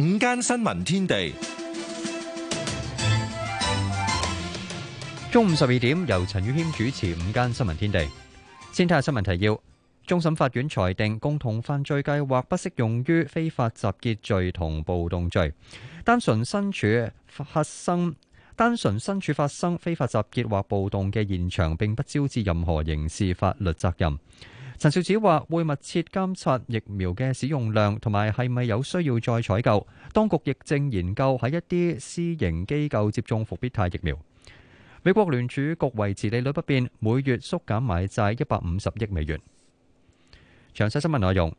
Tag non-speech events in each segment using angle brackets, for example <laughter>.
午間新聞天地，中午十二點由陳宇謙主持。午間新聞天地，先睇下新聞提要。終審法院裁定，共同犯罪計劃不適用於非法集結罪同暴動罪。單純身處發生單純身處發生非法集結或暴動嘅現場，並不招致任何刑事法律責任。陳肇始話：會密切監察疫苗嘅使用量，同埋係咪有需要再採購。當局亦正研究喺一啲私營機構接種復必泰疫苗。美國聯儲局維持利率不變，每月縮減買債一百五十億美元。詳細新聞內容：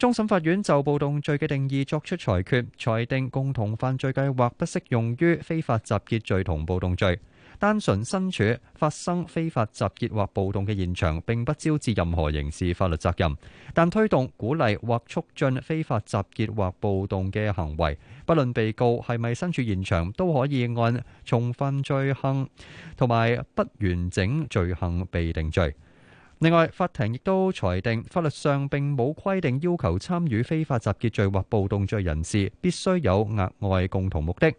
終審法院就暴動罪嘅定義作出裁決，裁定共同犯罪計劃不適用於非法集結罪同暴動罪。單純身處發生非法集結或暴動嘅現場，並不招致任何刑事法律責任。但推動、鼓勵或促進非法集結或暴動嘅行為，不論被告係咪身處現場，都可以按重犯罪行同埋不完整罪行被定罪。另外，法庭亦都裁定，法律上並冇規定要求參與非法集結罪或暴動罪人士必須有額外共同目的。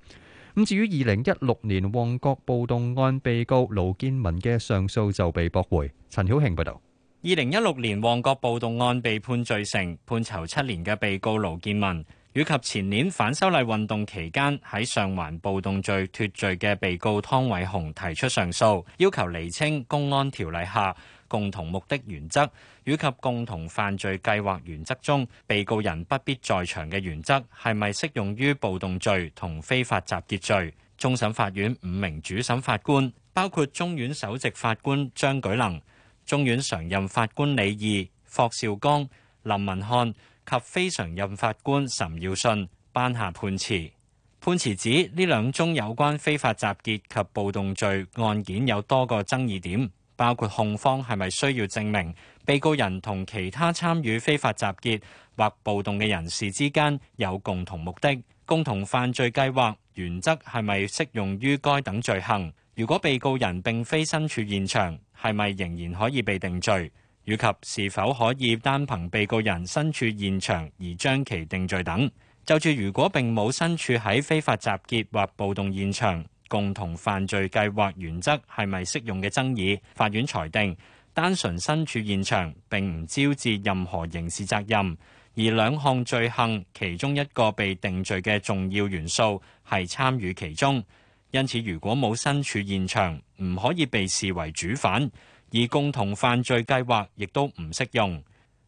咁至於二零一六年旺角暴動案被告盧建文嘅上訴就被駁回。陳曉慶報導，二零一六年旺角暴動案被判罪成、判囚七年嘅被告盧建文，以及前年反修例運動期間喺上環暴動罪脫罪嘅被告湯偉雄提出上訴，要求釐清公安條例下共同目的原則以及共同犯罪計劃原則中，被告人不必在場嘅原則，係咪適用於暴動罪同非法集結罪？終審法院五名主審法官，包括中院首席法官張舉能、中院常任法官李義、霍兆剛、林文漢及非常任法官岑耀信，頒下判詞。判詞指呢兩宗有關非法集結及暴動罪案件有多個爭議點。包括控方係咪需要證明被告人同其他參與非法集結或暴動嘅人士之間有共同目的、共同犯罪計劃？原則係咪適用於該等罪行？如果被告人並非身處現場，係咪仍然可以被定罪？以及是否可以單憑被告人身處現場而將其定罪等？就住如果並冇身處喺非法集結或暴動現場。共同犯罪計劃原則係咪適用嘅爭議？法院裁定，單純身處現場並唔招致任何刑事責任，而兩項罪行其中一個被定罪嘅重要元素係參與其中。因此，如果冇身處現場，唔可以被視為主犯，而共同犯罪計劃亦都唔適用。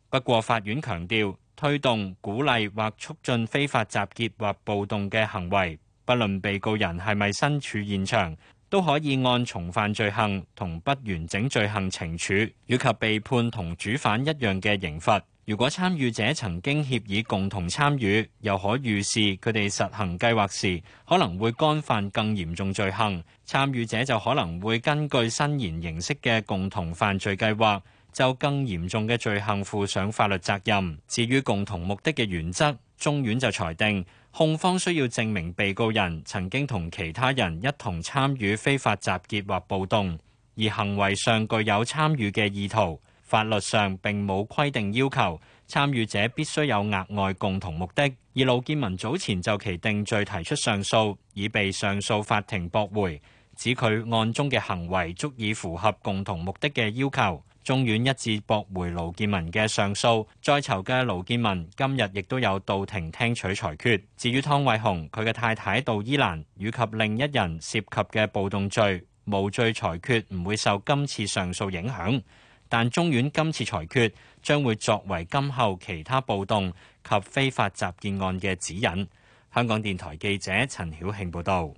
不過，法院強調，推動、鼓勵或促進非法集結或暴動嘅行為。不論被告人係咪身處現場，都可以按從犯罪行同不完整罪行懲處，以及被判同主犯一樣嘅刑罰。如果參與者曾經協議共同參與，又可預示佢哋實行計劃時可能會干犯更嚴重罪行，參與者就可能會根據伸延形式嘅共同犯罪計劃，就更嚴重嘅罪行負上法律責任。至於共同目的嘅原則，中院就裁定。控方需要證明被告人曾經同其他人一同參與非法集結或暴動，而行為上具有參與嘅意圖。法律上並冇規定要求參與者必須有額外共同目的。而盧建文早前就其定罪提出上訴，已被上訴法庭駁回，指佢案中嘅行為足以符合共同目的嘅要求。中院一致駁回盧建文嘅上訴，再囚嘅盧建文今日亦都有到庭聽取裁決。至於湯偉雄佢嘅太太杜伊蘭以及另一人涉及嘅暴動罪無罪裁決唔會受今次上訴影響，但中院今次裁決將會作為今後其他暴動及非法集結案嘅指引。香港電台記者陳曉慶報道。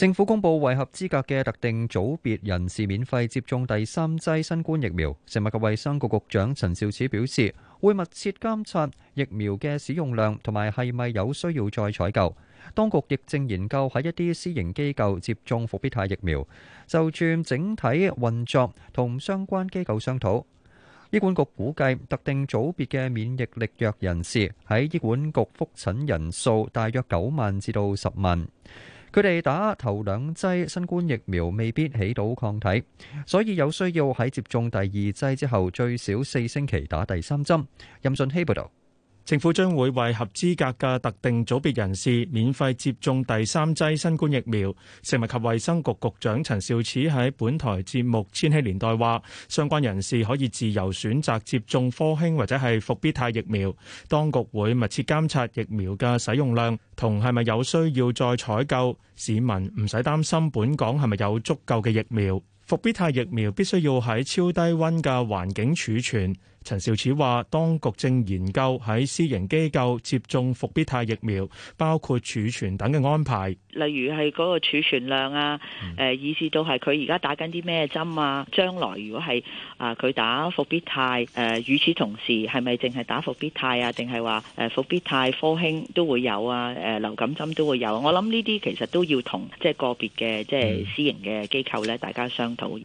政府公布為合資格嘅特定組別人士免費接種第三劑新冠疫苗。食物及衛生局局長陳肇始表示，會密切監察疫苗嘅使用量，同埋係咪有需要再採購。當局亦正研究喺一啲私營機構接種復必泰疫苗，就住整體運作同相關機構商討。醫管局估計，特定組別嘅免疫力弱人士喺醫管局覆診人數大約九萬至到十萬。佢哋打頭兩劑新冠疫苗未必起到抗體，所以有需要喺接種第二劑之後最少四星期打第三針。任俊熙報導。政府將會為合資格嘅特定組別人士免費接種第三劑新冠疫苗。食物及衛生局局長陳肇始喺本台節目《千禧年代》話，相關人士可以自由選擇接種科興或者係復必泰疫苗。當局會密切監察疫苗嘅使用量，同係咪有需要再採購。市民唔使擔心本港係咪有足夠嘅疫苗。復必泰疫苗必須要喺超低溫嘅環境儲存。陳肇始話，當局正研究喺私營機構接種復必泰疫苗，包括儲存等嘅安排。例如係嗰個儲存量啊，誒、嗯呃，意思到係佢而家打緊啲咩針啊？將來如果係啊，佢打復必泰，誒、呃，與此同時係咪淨係打復必泰啊？定係話誒，復必泰科興都會有啊？誒、呃，流感針都會有。我諗呢啲其實都要同即係個別嘅即係私營嘅機構咧，大家商討。嗯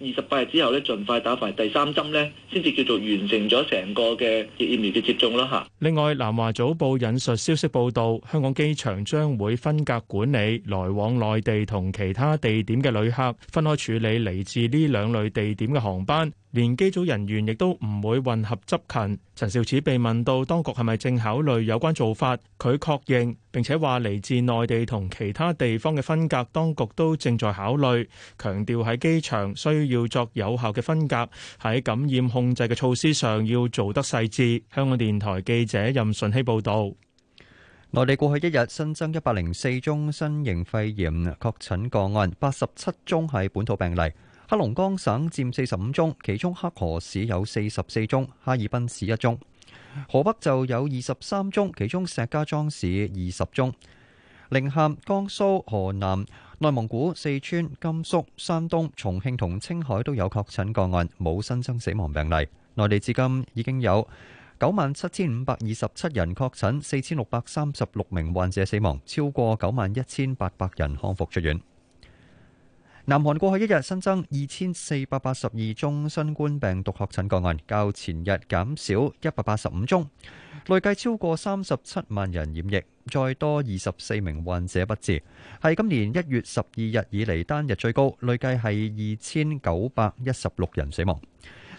二十八日之後咧，盡快打完第三針咧，先至叫做完成咗成個嘅疫苗嘅接種咯嚇。另外，南華早報引述消息報道，香港機場將會分隔管理來往內地同其他地點嘅旅客，分開處理嚟自呢兩類地點嘅航班。連機組人員亦都唔會混合執勤。陳肇始被問到當局係咪正考慮有關做法，佢確認並且話嚟自內地同其他地方嘅分隔，當局都正在考慮。強調喺機場需要作有效嘅分隔，喺感染控制嘅措施上要做得細緻。香港電台記者任順希報導。內地過去一日新增一百零四宗新型肺炎確診個案，八十七宗係本土病例。黑龍江省佔四十五宗，其中黑河市有四十四宗，哈爾濱市一宗。河北就有二十三宗，其中石家莊市二十宗。寧夏、江蘇、河南、內蒙古、四川、甘肅、山東、重慶同青海都有確診個案，冇新增死亡病例。內地至今已經有九萬七千五百二十七人確診，四千六百三十六名患者死亡，超過九萬一千八百人康復出院。南韓過去一日新增二千四百八十二宗新冠病毒確診個案，較前日減少一百八十五宗，累計超過三十七萬人染疫，再多二十四名患者不治，係今年一月十二日以嚟單日最高，累計係二千九百一十六人死亡。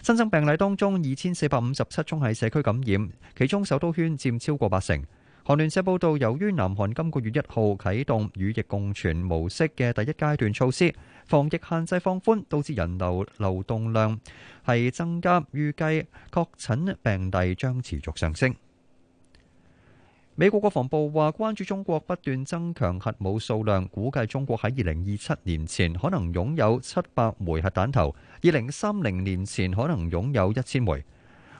新增病例當中，二千四百五十七宗係社區感染，其中首都圈佔超過八成。韓聯社報道，由於南韓今個月一號啟動與疫共存模式嘅第一階段措施，防疫限制放寬，導致人流流動量係增加，預計確診病例將持續上升。美國國防部話關注中國不斷增強核武數量，估計中國喺二零二七年前可能擁有七百枚核彈頭，二零三零年前可能擁有一千枚。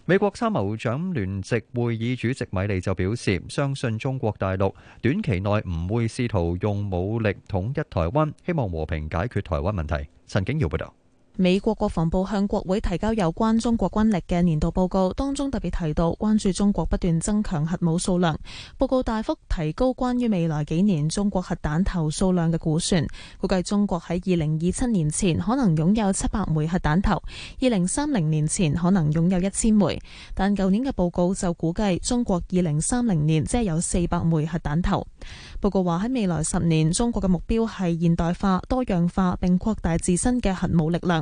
美國參謀長聯席會議主席米利就表示，相信中國大陸短期內唔會試圖用武力統一台灣，希望和平解決台灣問題。陳景耀報道。美國國防部向國會提交有關中國軍力嘅年度報告，當中特別提到關注中國不斷增強核武數量。報告大幅提高關於未來幾年中國核彈頭數量嘅估算，估計中國喺二零二七年前可能擁有七百枚核彈頭，二零三零年前可能擁有一千枚。但舊年嘅報告就估計中國二零三零年即係有四百枚核彈頭。報告話喺未來十年，中國嘅目標係現代化、多樣化，並擴大自身嘅核武力量。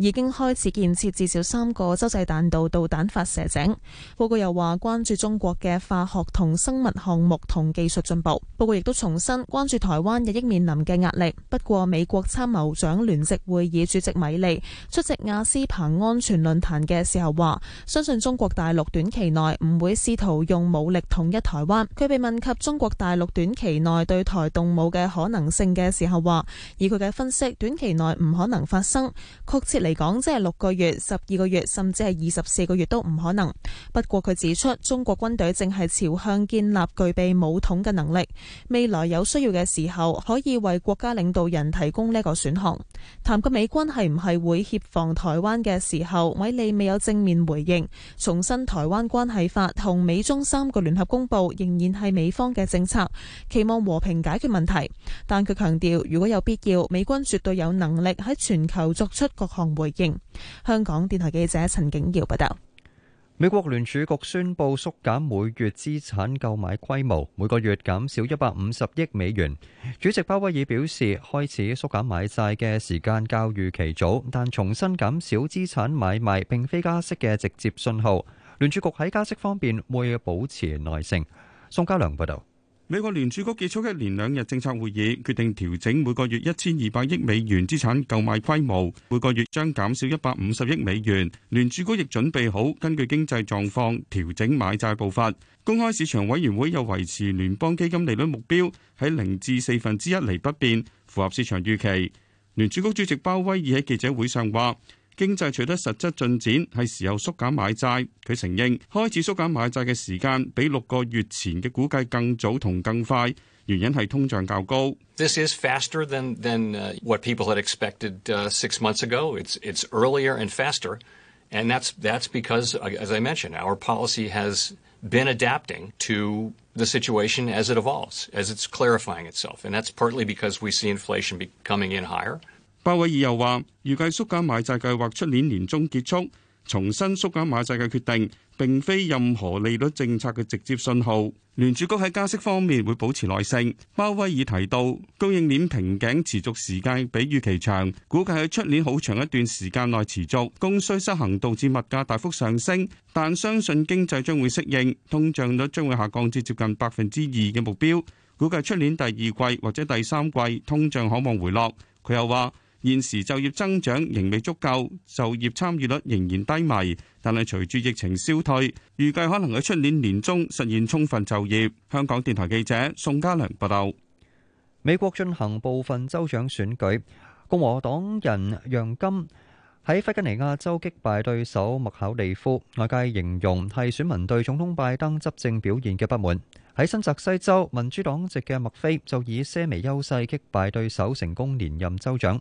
已經開始建設至少三個洲際彈道導彈發射井。報告又話關注中國嘅化學同生物項目同技術進步。報告亦都重申關注台灣日益面臨嘅壓力。不過美國參謀長聯席會議主席米利出席亞斯彭安全論壇嘅時候話，相信中國大陸短期內唔會試圖用武力統一台灣。佢被問及中國大陸短期內對台動武嘅可能性嘅時候話，以佢嘅分析，短期內唔可能發生。確切嚟。嚟講，即係六個月、十二個月，甚至係二十四個月都唔可能。不過佢指出，中國軍隊正係朝向建立具備武統嘅能力，未來有需要嘅時候可以為國家領導人提供呢個選項。談過美軍係唔係會協防台灣嘅時候，米利未有正面回應。重申《台灣關係法》同美中三個聯合公佈仍然係美方嘅政策，期望和平解決問題。但佢強調，如果有必要，美軍絕對有能力喺全球作出各項。回應。香港電台記者陳景瑤報道，美國聯儲局宣布縮減每月資產購買規模，每個月減少一百五十億美元。主席鮑威爾表示，開始縮減買債嘅時間較預期早，但重新減少資產買賣並非加息嘅直接信號。聯儲局喺加息方面會保持耐性。宋家良報道。美國聯儲局結束一連兩日政策會議，決定調整每個月一千二百億美元資產購買規模，每個月將減少一百五十億美元。聯儲局亦準備好根據經濟狀況調整買債步伐。公開市場委員會又維持聯邦基金利率目標喺零至四分之一厘不變，符合市場預期。聯儲局主席鮑威爾喺記者會上話。經濟取得實質進展，係時候縮減買債，佢承認開始縮減買債嘅時間比六個月前嘅估計更早同更快，原因係通脹較高。This is faster than, than what people had expected six months ago. It's, it's earlier and faster, and that's, that's because, as I mentioned, our policy has been adapting to the situation as it evolves, as it's clarifying itself, and that's partly because we see inflation becoming in higher. 鮑威爾又話，預計縮減買債計劃出年年中結束，重申縮減買債嘅決定，並非任何利率政策嘅直接信號。聯儲局喺加息方面會保持耐性。鮑威爾提到，供應鏈瓶頸持續時間比預期長，估計喺出年好長一段時間內持續。供需失衡導致物價大幅上升，但相信經濟將會適應，通脹率將會下降至接近百分之二嘅目標。估計出年第二季或者第三季通脹可望回落。佢又話。現時就業增長仍未足夠，就業參與率仍然低迷。但係隨住疫情消退，預計可能喺出年年中實現充分就業。香港電台記者宋家良報道。美國進行部分州長選舉，共和黨人楊金喺維珍尼亞州擊敗對手麥考利夫，外界形容係選民對總統拜登執政表現嘅不滿。喺新澤西州，民主黨籍嘅墨菲就以些微優勢擊敗對手，成功連任州長。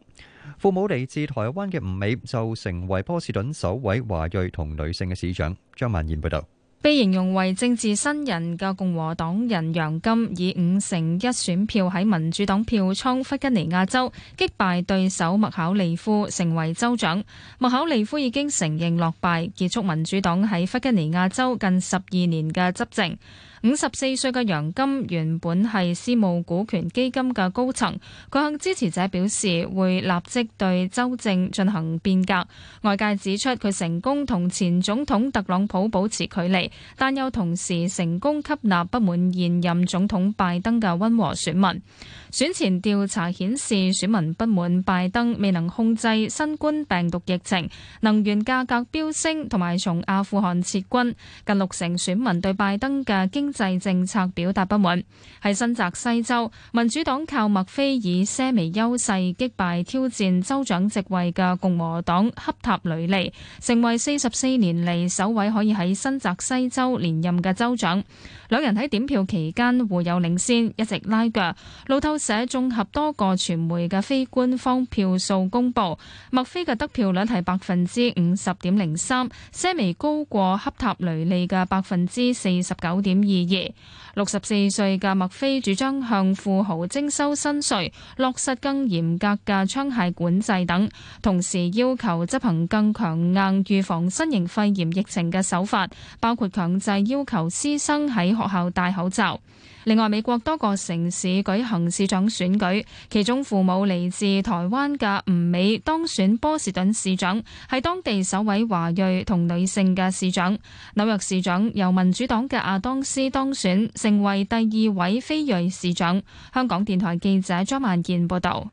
父母嚟自台灣嘅吳美就成為波士頓首位華裔同女性嘅市長。張曼燕報導。被形容為政治新人嘅共和黨人楊金以五成一選票喺民主黨票倉弗吉尼亞州擊敗對手麥考利夫，成為州長。麥考利夫已經承認落敗，結束民主黨喺弗吉尼亞州近十二年嘅執政。五十四歲嘅楊金原本係私募股權基金嘅高層，佢向支持者表示會立即對州政進行變革。外界指出佢成功同前總統特朗普保持距離，但又同時成功吸納不滿現任總統拜登嘅溫和選民。選前調查顯示，選民不滿拜登未能控制新冠病毒疫情、能源價格飆升同埋從阿富汗撤軍。近六成選民對拜登嘅經濟政策表達不滿。喺新澤西州，民主黨靠麥菲爾些微優勢擊敗挑戰州長職位嘅共和黨恰塔雷利，成為四十四年嚟首位可以喺新澤西州連任嘅州長。兩人喺點票期間互有領先，一直拉鋸。路透社綜合多個傳媒嘅非官方票數公佈，麥菲嘅得票率係百分之五十點零三，些微高過恰塔雷利嘅百分之四十九點二二。六十四歲嘅麥菲主張向富豪徵收新稅，落實更嚴格嘅槍械管制等，同時要求執行更強硬預防新型肺炎疫情嘅手法，包括強制要求師生喺學校戴口罩。另外，美國多個城市舉行市長選舉，其中父母嚟自台灣嘅吳美當選波士頓市長，係當地首位華裔同女性嘅市長。紐約市長由民主黨嘅亞當斯當選，成為第二位非裔市長。香港電台記者張萬健報道。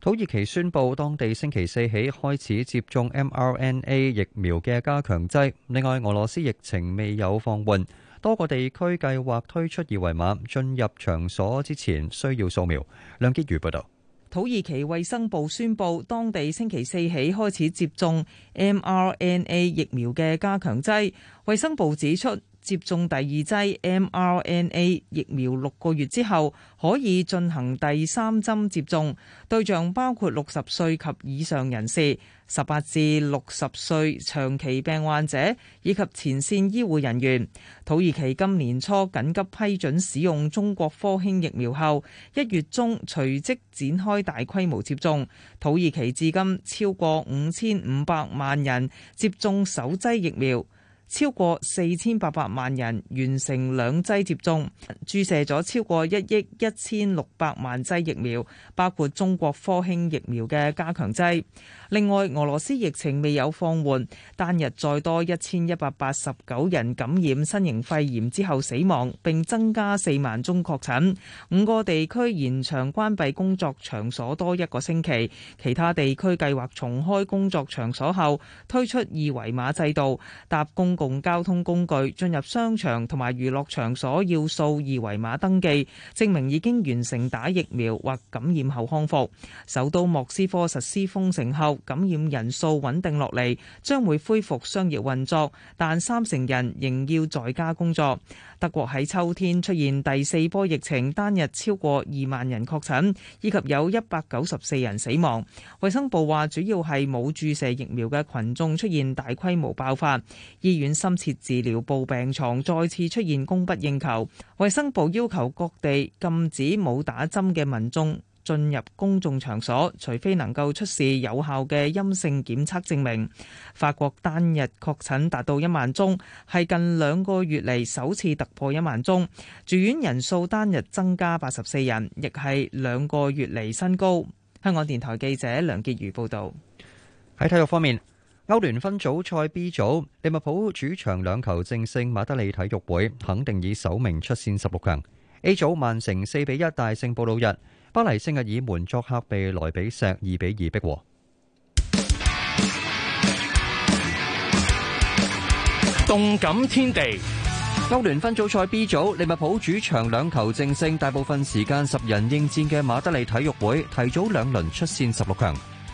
土耳其宣布，當地星期四起開始接種 mRNA 疫苗嘅加強劑。另外，俄羅斯疫情未有放緩。多個地區計劃推出二維碼，進入場所之前需要掃描。梁潔如報道。土耳其衛生部宣布，當地星期四起開始接種 mRNA 疫苗嘅加強劑。衛生部指出。接種第二劑 mRNA 疫苗六個月之後，可以進行第三針接種。對象包括六十歲及以上人士、十八至六十歲長期病患者以及前線醫護人員。土耳其今年初緊急批准使用中國科興疫苗後，一月中隨即展開大規模接種。土耳其至今超過五千五百萬人接種首劑疫苗。超過四千八百萬人完成兩劑接種，注射咗超過一億一千六百萬劑疫苗，包括中國科興疫苗嘅加強劑。另外，俄羅斯疫情未有放緩，單日再多一千一百八十九人感染新型肺炎之後死亡，並增加四萬宗確診。五個地區延長關閉工作場所多一個星期，其他地區計劃重開工作場所後推出二維碼制度，搭公共交通工具進入商場同埋娛樂場所要掃二維碼登記，證明已經完成打疫苗或感染後康復。首都莫斯科實施封城後感染人數穩定落嚟，將會恢復商業運作，但三成人仍要在家工作。德國喺秋天出現第四波疫情，單日超過二萬人確診以及有一百九十四人死亡。衛生部話主要係冇注射疫苗嘅群眾出現大規模爆發。醫院。深切治療部病床再次出現供不應求，衛生部要求各地禁止冇打針嘅民眾進入公眾場所，除非能夠出示有效嘅陰性檢測證明。法國單日確診達到一萬宗，係近兩個月嚟首次突破一萬宗，住院人數單日增加八十四人，亦係兩個月嚟新高。香港電台記者梁潔如報導。喺體育方面。歐聯分組賽 B 組，利物浦主場兩球正勝馬德里體育會，肯定以首名出線十六強。A 組，曼城四比一大勝布魯日，巴黎聖日耳門作客被萊比錫二比二逼和。動感天地，歐聯分組賽 B 組，利物浦主場兩球正勝，大部分時間十人應戰嘅馬德里體育會提早兩輪出線十六強。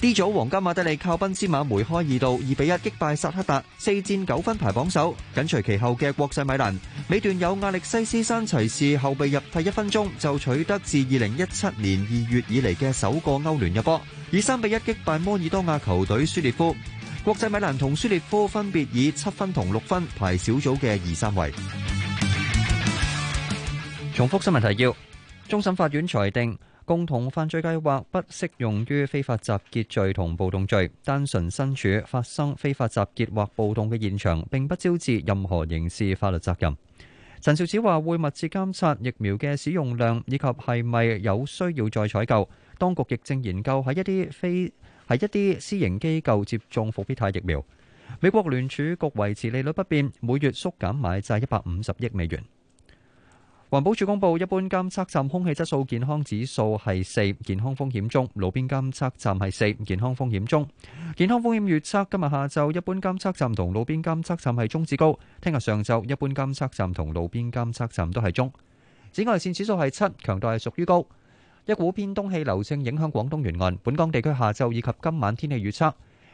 D 組皇家馬德里靠賓斯馬梅開二度，二比一擊敗薩克達，四戰九分排榜首。緊隨其後嘅國際米蘭，尾段有亞歷西斯山齊士後備入替，一分鐘就取得自二零一七年二月以嚟嘅首個歐聯入波，以三比一擊敗摩爾多亞球隊舒列夫。國際米蘭同舒列夫分別以七分同六分排小組嘅二三位。重複新聞提要：終審法院裁定，共同犯罪計劃不適用於非法集結罪同暴動罪，單純身處發生非法集結或暴動嘅現場，並不招致任何刑事法律責任。陳肇始話會密切監察疫苗嘅使用量，以及係咪有需要再採購。當局亦正研究喺一啲非喺一啲私營機構接種復必泰疫苗。美國聯儲局維持利率不變，每月縮減買債一百五十億美元。環保署公布，一般監測站空氣質素健康指數係四，健康風險中；路邊監測站係四，健康風險中。健康風險預測今日下晝，一般監測站同路邊監測站係中至高；聽日上晝，一般監測站同路邊監測站都係中。紫外線指數係七，強度係屬於高。一股偏東氣流正影響廣東沿岸本港地區，下晝以及今晚天氣預測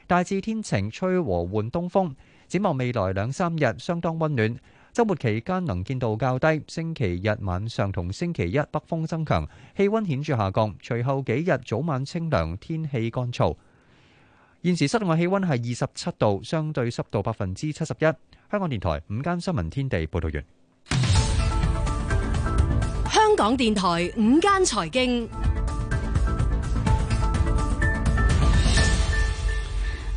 大致天晴，吹和緩東風。展望未來兩三日，相當溫暖。周末期間能見度較低，星期日晚上上同星期一北風增強，氣溫顯著下降。隨後幾日早晚清涼，天氣乾燥。現時室外氣溫係二十七度，相對濕度百分之七十一。香港電台午間新聞天地報道完。香港電台午間財經，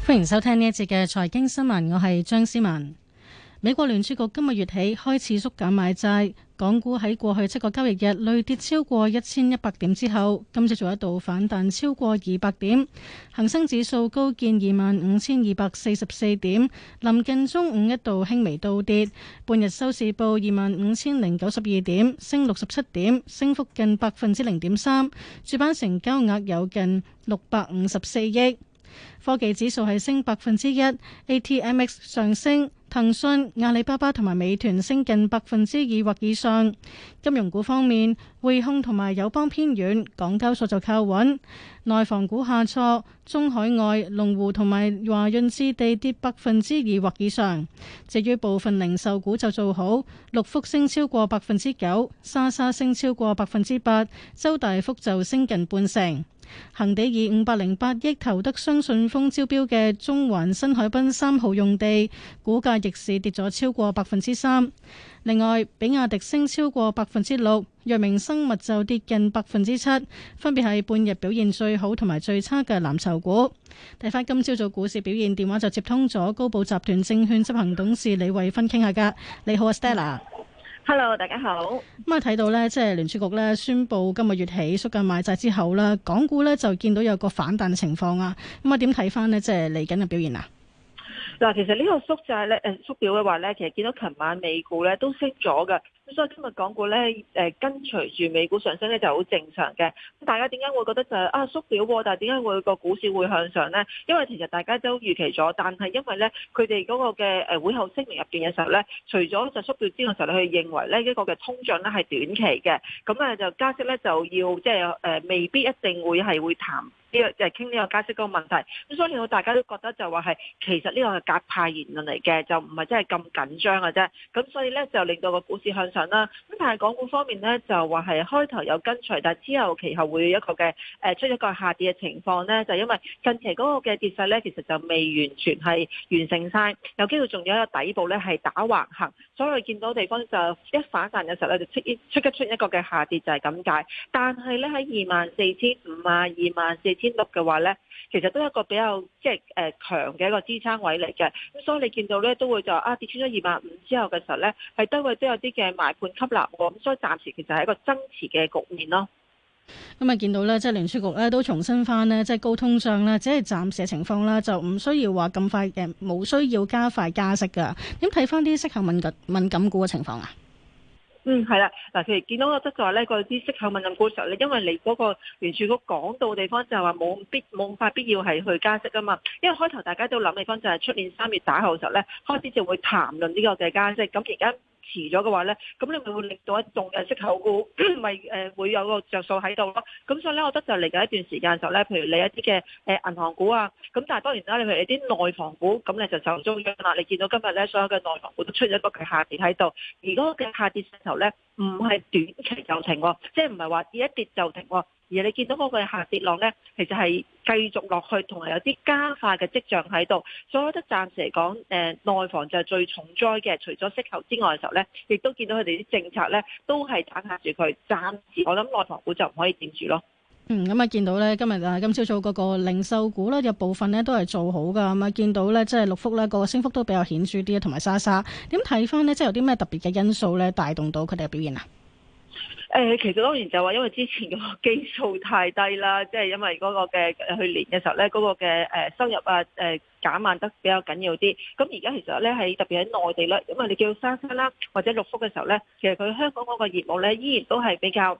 歡迎收聽呢一節嘅財經新聞，我係張思文。美國聯儲局今個月起開始縮減買債，港股喺過去七個交易日累跌超過一千一百點之後，今次做一度反彈超過二百點，恒生指數高見二萬五千二百四十四點。臨近中午一度輕微倒跌，半日收市報二萬五千零九十二點，升六十七點，升幅近百分之零點三。主板成交額有近六百五十四億，科技指數係升百分之一，ATMX 上升。騰訊、阿里巴巴同埋美團升近百分之二或以上。金融股方面，匯控同埋友邦偏軟，港交所就靠穩。內房股下挫，中海外、龍湖同埋華潤置地跌百分之二或以上。至於部分零售股就做好，六福升超過百分之九，莎莎升超過百分之八，周大福就升近半成。恒地以五百零八億投得雙信封招標嘅中環新海濱三號用地，股價逆市跌咗超過百分之三。另外，比亞迪升超過百分之六，藥明生物就跌近百分之七，分別係半日表現最好同埋最差嘅藍籌股。睇返今朝早股市表現，電話就接通咗高寶集團證券執行董事李慧芬傾下偈。你好，Stella。Hello，大家好。咁啊、嗯，睇到咧，即係聯儲局咧宣布今個月起縮緊買債之後咧，港股咧就見到有個反彈嘅情況啊。咁、嗯、啊，點睇返咧，即係嚟緊嘅表現啊？嗱、呃，其實呢個縮債咧，誒縮表嘅話咧，其實見到琴晚美股咧都升咗㗎，咁所以今日港股咧誒跟隨住美股上升咧就好正常嘅。咁大家點解會覺得就係、是、啊縮表啊，但係點解會個股市會向上咧？因為其實大家都預期咗，但係因為咧佢哋嗰個嘅誒會後聲明入邊嘅時候咧，除咗就縮表之外嘅時候，佢認為咧一個嘅通脹咧係短期嘅，咁啊就加息咧就要即係誒未必一定會係會談。呢、這個就係傾呢個加息嗰個問題，咁所以令到大家都覺得就話係其實呢個係鴿派言論嚟嘅，就唔係真係咁緊張嘅啫。咁所以咧就令到個股市向上啦。咁但係港股方面咧就話係開頭有跟隨，但係之後其後會有一個嘅誒出一個下跌嘅情況咧，就因為近期嗰個嘅跌勢咧其實就未完全係完成晒，有機會仲有一個底部咧係打橫行。所以見到地方就一反彈嘅時候咧就出現出一出一個嘅下跌就係咁解。但係咧喺二萬四千五呀、二萬四千。堅落嘅話咧，其實都係一個比較即係誒強嘅一個支撐位嚟嘅。咁所以你見到咧都會就啊跌穿咗二百五之後嘅時候咧係都會都有啲嘅賣盤吸納。咁所以暫時其實係一個增持嘅局面咯。今日見到咧，即係聯儲局咧都重新翻咧，即係高通脹咧，只係暫時嘅情況啦，就唔需要話咁快嘅，冇需要加快加息噶。咁睇翻啲適合敏感敏感股嘅情況啊。嗯，係啦，嗱、啊，佢哋見到我即係話咧，個知息口問問股嘅時候，你因為你嗰、那個完全個講到地方就係話冇必冇咁必要係去加息噶嘛，因為開頭大家都諗嘅方就係出年三月打號嘅時候咧，開始就會談論呢個嘅加息，咁而家。遲咗嘅話呢，咁你咪會令到一眾嘅息口股咪誒 <laughs> 會有個着數喺度咯。咁所以呢，我覺得就嚟緊一段時間嘅時候咧，譬如你一啲嘅誒銀行股啊，咁但係當然啦，你譬如啲內房股，咁你就受中意啦。你見到今日呢，所有嘅內房股都出咗一個下跌喺度。而嗰個下跌勢頭呢，唔係短期就停喎，即係唔係話跌一跌就停喎。而你見到嗰個下跌浪咧，其實係繼續落去，同埋有啲加快嘅跡象喺度，所以我覺得暫時嚟講，誒、呃、內房就係最重災嘅，除咗息口之外嘅時候咧，亦都見到佢哋啲政策咧都係打壓住佢，暫時我諗內房股就唔可以止住咯。嗯，咁啊，見到咧今日啊，今朝早嗰個零售股咧有部分咧都係做好噶，咁啊見到咧即係六福咧、嗰個升幅都比較顯著啲，同埋莎莎。點睇翻咧，即係有啲咩特別嘅因素咧帶動到佢哋嘅表現啊？誒，其實當然就話，因為之前個基數太低啦，即係因為嗰個嘅去年嘅時候咧，嗰個嘅誒收入啊誒減慢得比較緊要啲。咁而家其實咧，喺特別喺內地咧，因為你叫沙沙啦或者六福嘅時候咧，其實佢香港嗰個業務咧，依然都係比較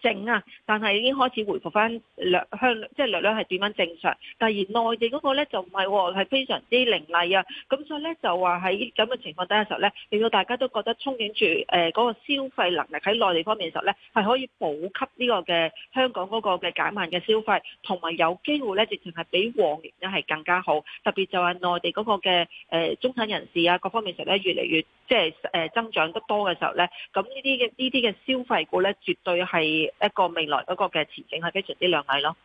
正啊，但係已經開始回復翻量向，即係略略係變翻正常。但係而內地嗰個咧就唔係、啊，係非常之凌厲啊。咁所以咧就話喺咁嘅情況底下嘅時候咧，令到大家都覺得憧憬住誒嗰個消費能力喺內地方面嘅時候咧，係可以補給呢個嘅香港嗰個嘅減慢嘅消費，同埋有機會咧，直情係比往年咧係更加好。特別就係內地嗰個嘅誒、呃、中產人士啊，各方面時候咧越嚟越即係誒、呃、增長得多嘅時候咧，咁呢啲嘅呢啲嘅消費股咧，絕對係。一個未來嗰個嘅前景係非常之亮麗咯，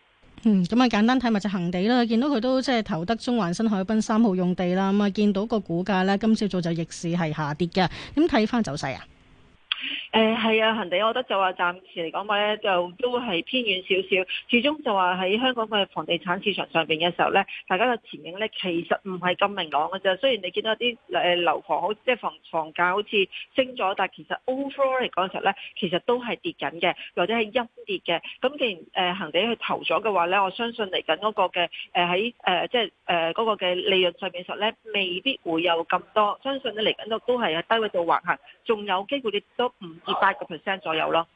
嗯，咁啊簡單睇埋隻恒地啦，見到佢都即係投得中環新海濱三號用地啦，咁啊見到個股價咧，今朝早就逆市係下跌嘅，點睇翻走勢啊？誒係、呃、啊，恒地，我覺得就話暫時嚟講話咧，就都係偏遠少少。始終就話喺香港嘅房地產市場上邊嘅時候咧，大家嘅前景咧其實唔係咁明朗嘅啫。雖然你見到啲誒樓房，即係房房價好似升咗，但係其實 overall 嚟講嘅時候咧，其實都係跌緊嘅，或者係陰跌嘅。咁既然誒恒、呃、地去投咗嘅話咧，我相信嚟緊嗰個嘅誒喺誒即係誒嗰個嘅利潤上面嘅時候咧，未必會有咁多。相信咧嚟緊都都係喺低位度橫行，仲有機會你都。五至八個 percent 左右咯。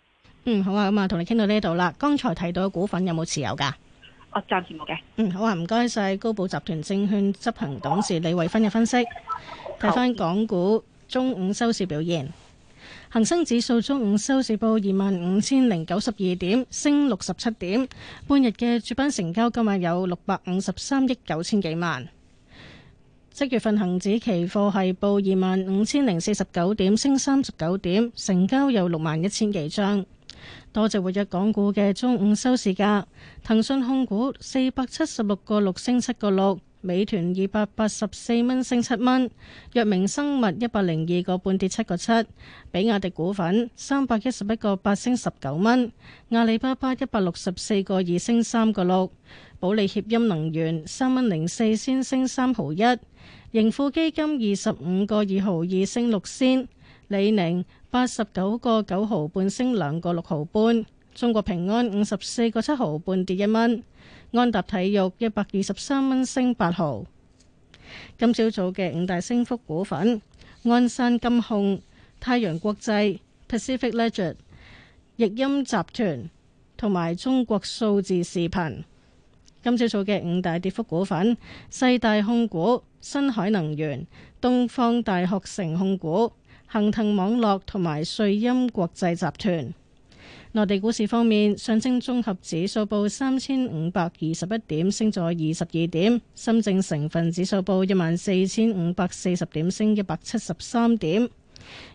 嗯，好啊，咁啊，同你傾到呢度啦。剛才提到嘅股份有冇持有噶？哦、啊，暫時冇嘅。嗯，好啊，唔該晒。高寶集團證券執行董事李慧芬嘅分析，睇翻港股中午收市表現，恒生指數中午收市報二萬五千零九十二點，升六十七點。半日嘅主板成交今日有六百五十三億九千幾萬。七月份恒指期貨係報二萬五千零四十九點，升三十九點，成交有六萬一千幾張。多隻活躍港股嘅中午收市價，騰訊控股四百七十六個六升七個六。美團二百八十四蚊升七蚊，藥明生物一百零二個半跌七個七，比亞迪股份三百一十一個八升十九蚊，阿里巴巴一百六十四個二升三個六，保利協鑫能源三蚊零四先升三毫一，盈富基金二十五個二毫二升六先，李寧八十九個九毫半升兩個六毫半，中國平安五十四個七毫半跌一蚊。安踏體育一百二十三蚊升八毫。今朝早嘅五大升幅股份：鞍山金控、太陽國際、Pacific Legend、易鑫集團同埋中國數字視頻。今朝早嘅五大跌幅股份：世大控股、新海能源、東方大學城控股、恒騰網絡同埋瑞音國際集團。內地股市方面，上證綜合指數報三千五百二十一點，升咗二十二點；深證成分指數報一萬四千五百四十點，升一百七十三點；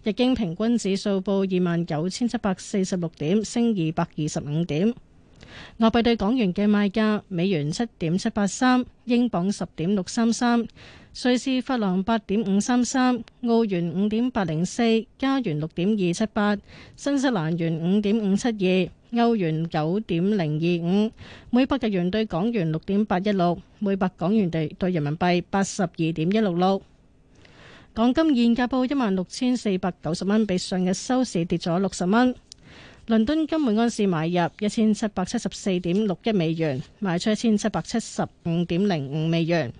日經平均指數報二萬九千七百四十六點，升二百二十五點。外幣對港元嘅賣價：美元七點七八三，英鎊十點六三三，瑞士法郎八點五三三，澳元五點八零四，加元六點二七八，新西蘭元五點五七二，歐元九點零二五，每百日元對港元六點八一六，每百港元兌人民幣八十二點一六六。港金現價報一萬六千四百九十蚊，比上日收市跌咗六十蚊。倫敦金每安士買入一千七百七十四點六一美元，賣出一千七百七十五點零五美元。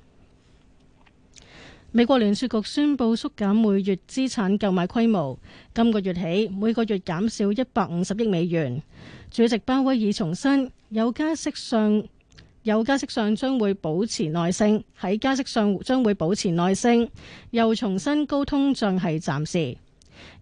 美國聯儲局宣布縮減每月資產購買規模，今個月起每個月減少一百五十億美元。主席鮑威爾重申有加息上有加息上將會保持耐性，喺加息上將會保持耐性，又重申高通脹係暫時。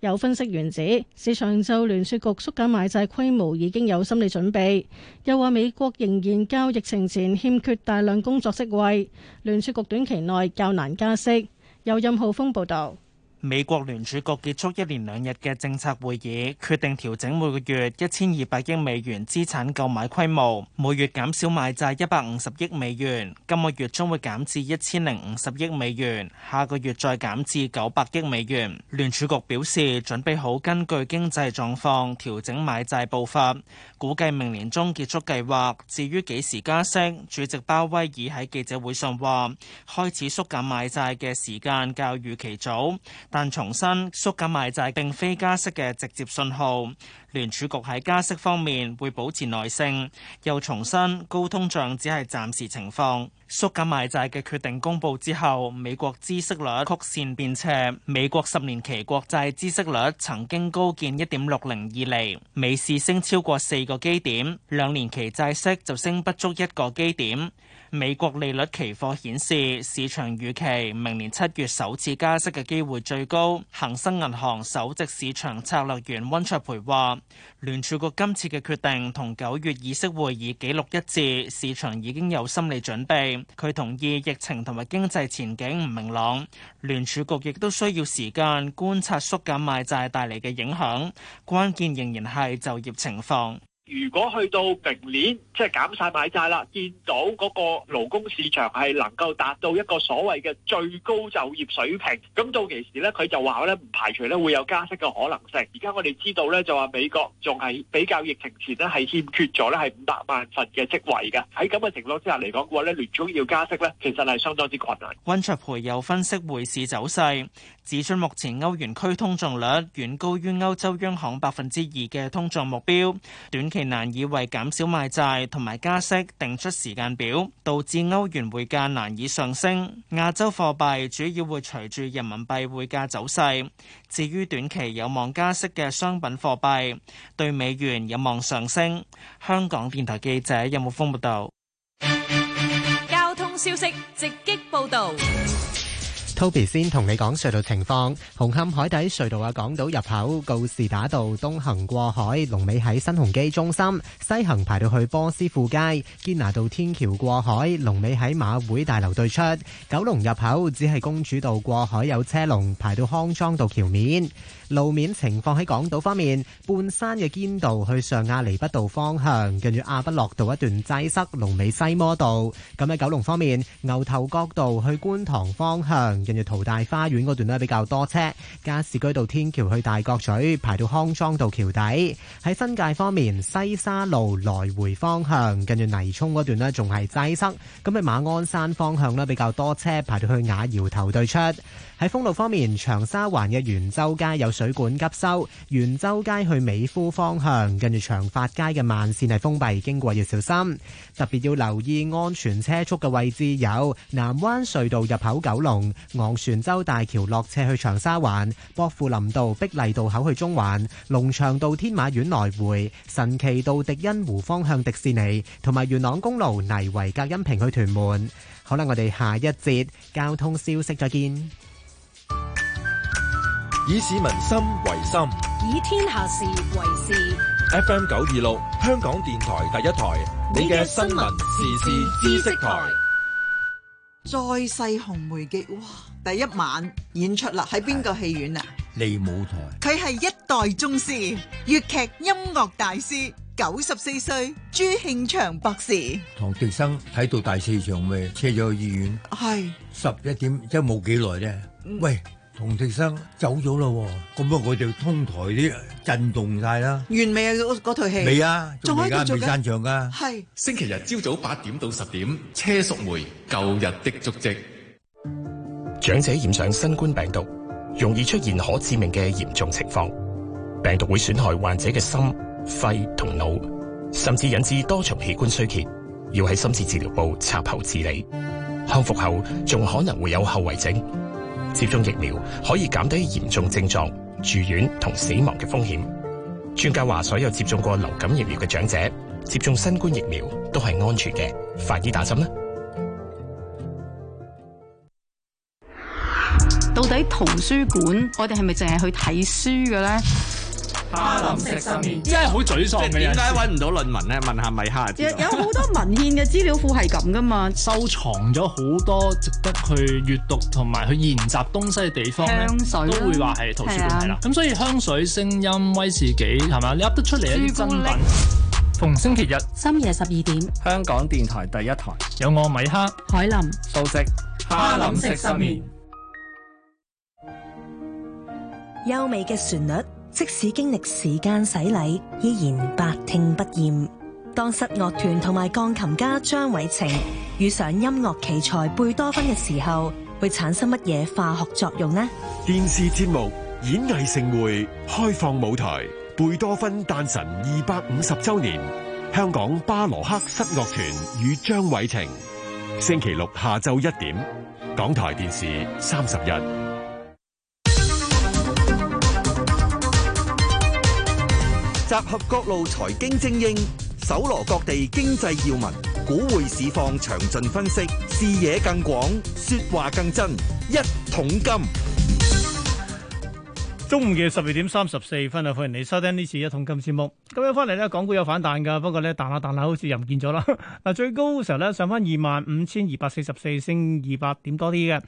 有分析員指，市場就聯儲局縮減買債規模已經有心理準備，又話美國仍然較疫情前欠缺大量工作職位，聯儲局短期內較難加息。由任浩峰報道。美國聯儲局結束一連兩日嘅政策會議，決定調整每個月一千二百億美元資產購買規模，每月減少買債一百五十億美元，今個月將會減至一千零五十億美元，下個月再減至九百億美元。聯儲局表示，準備好根據經濟狀況調整買債步伐，估計明年中結束計劃。至於幾時加息，主席鮑威爾喺記者會上話，開始縮減買債嘅時間較預期早。但重申縮緊賣債並非加息嘅直接信號，聯儲局喺加息方面會保持耐性，又重申高通脹只係暫時情況。縮緊賣債嘅決定公佈之後，美國孳息率曲線變斜，美國十年期國債孳息率曾經高見一點六零二厘，美市升超過四個基點，兩年期債息就升不足一個基點。美國利率期貨顯示市場預期明年七月首次加息嘅機會最高。恒生銀行首席市場策略員温卓培話：聯儲局今次嘅決定同九月議息會議紀錄一致，市場已經有心理準備。佢同意疫情同埋經濟前景唔明朗，聯儲局亦都需要時間觀察縮減買債帶嚟嘅影響。關鍵仍然係就業情況。如果去到明年，即係減晒買債啦，見到嗰個勞工市場係能夠達到一個所謂嘅最高就業水平，咁到其時咧，佢就話咧唔排除咧會有加息嘅可能性。而家我哋知道咧，就話美國仲係比較疫情前咧係欠缺咗咧係五百萬份嘅職位嘅。喺咁嘅情況之下嚟講嘅話咧，聯儲要加息咧，其實係相當之困難。溫卓培又分析匯市走勢，指出目前歐元區通脹率遠高於歐洲央行百分之二嘅通脹目標，短期，難以為減少賣債同埋加息定出時間表，導致歐元匯價難以上升。亞洲貨幣主要會隨住人民幣匯價走勢。至於短期有望加息嘅商品貨幣，對美元有望上升。香港電台記者任木峰報道。交通消息直擊報道。Toby 先同你講隧道情況，紅磡海底隧道嘅、啊、港島入口告士打道東行過海，龍尾喺新鴻基中心；西行排到去波斯富街，堅拿道天橋過海，龍尾喺馬會大樓對出。九龍入口只係公主道過海有車龍，排到康莊道橋面。路面情況喺港島方面，半山嘅堅道去上亞厘畢道方向，近住亞畢諾道一段擠塞，龍尾西摩道。咁喺九龍方面，牛頭角道去觀塘方向，近住淘大花園嗰段呢，比較多車。加士居道天橋去大角咀排到康莊道橋底。喺新界方面，西沙路來回方向，近住泥涌嗰段呢，仲係擠塞。咁喺馬鞍山方向呢，比較多車，排到去瓦窯頭對出。喺封路方面，長沙灣嘅元州街有水管急收，元州街去美孚方向，近住長發街嘅慢線係封閉，經過要小心。特別要留意安全車速嘅位置有南灣隧道入口、九龍昂船洲大橋落車去長沙灣、薄扶林道碧麗道口去中環、龍翔道天馬苑來回、神奇道迪欣湖方向迪士尼，同埋元朗公路泥圍隔音屏去屯門。好啦，我哋下一節交通消息，再見。以市民心為心，以天下事為事。FM 九二六，香港電台第一台，你嘅新聞、時事、知識台。再世紅梅記，哇！第一晚演出啦，喺邊個戲院啊？利舞台。佢係一代宗師，粵劇音樂大師，九十四歲，朱慶祥博士。唐滌生睇到第四場咪車咗去醫院？係。十一點即係冇幾耐啫。喂。同鐵生走咗啦，咁啊，我哋通台啲震動晒啦。完美啊，嗰嗰套戲。未啊，仲喺度做嘅。未散場噶。係。星期日朝早八點到十點，車淑梅《舊日的足跡》。長者染上新冠病毒，容易出現可致命嘅嚴重情況。病毒會損害患者嘅心、肺同腦，甚至引致多重器官衰竭，要喺深切治療部插喉治理。康復後仲可能會有後遺症。接種疫苗，可以減低嚴重症狀、住院同死亡嘅風險。專家話，所有接種過流感疫苗嘅長者，接種新冠疫苗都係安全嘅。快啲打針啦！到底圖書館我哋係咪淨係去睇書嘅咧？哈林食失眠，真係好沮喪。即係點解搵唔到論文咧？問下米哈。有有好多文獻嘅資料庫係咁噶嘛？收藏咗好多值得去閱讀同埋去研習東西嘅地方咧，香水都會話係圖書館嚟啦。咁所以香水聲音威士忌係嘛？你噏得出嚟一啲真品。逢星期日深夜十二點，香港電台第一台有我米哈、海林、素食、哈林食失眠，優美嘅旋律。即使經歷時間洗禮，依然百聽不厭。當室樂團同埋鋼琴家張偉晴遇上音樂奇才貝多芬嘅時候，會產生乜嘢化學作用呢？電視節目演藝盛會開放舞台，貝多芬誕辰二百五十周年，香港巴洛克室樂團與張偉晴，星期六下晝一點，港台電視三十日。集合各路財經精英，搜羅各地經濟要聞，股匯市況詳盡分析，視野更廣，說話更真。一桶金，中午嘅十二點三十四分啊！歡迎你收聽呢次一桶金節目。今日翻嚟呢，港股有反彈噶，不過呢，彈下彈下，好似又唔見咗啦。嗱， <laughs> 最高嘅時候呢，上翻二萬五千二百四十四，升二百點多啲嘅。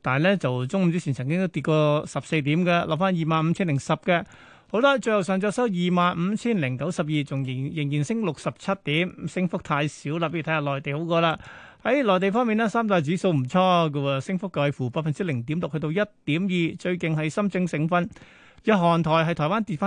但係呢，就中午之前曾經都跌過十四點嘅，落翻二萬五千零十嘅。好啦，最後上晝收二萬五千零九十二，仲仍仍然升六十七點，升幅太少啦。不如睇下內地好過啦。喺、哎、內地方面咧，三大指數唔錯嘅喎，升幅介乎百分之零點六去到一點二，最勁係深證成分，日韓台係台灣跌翻。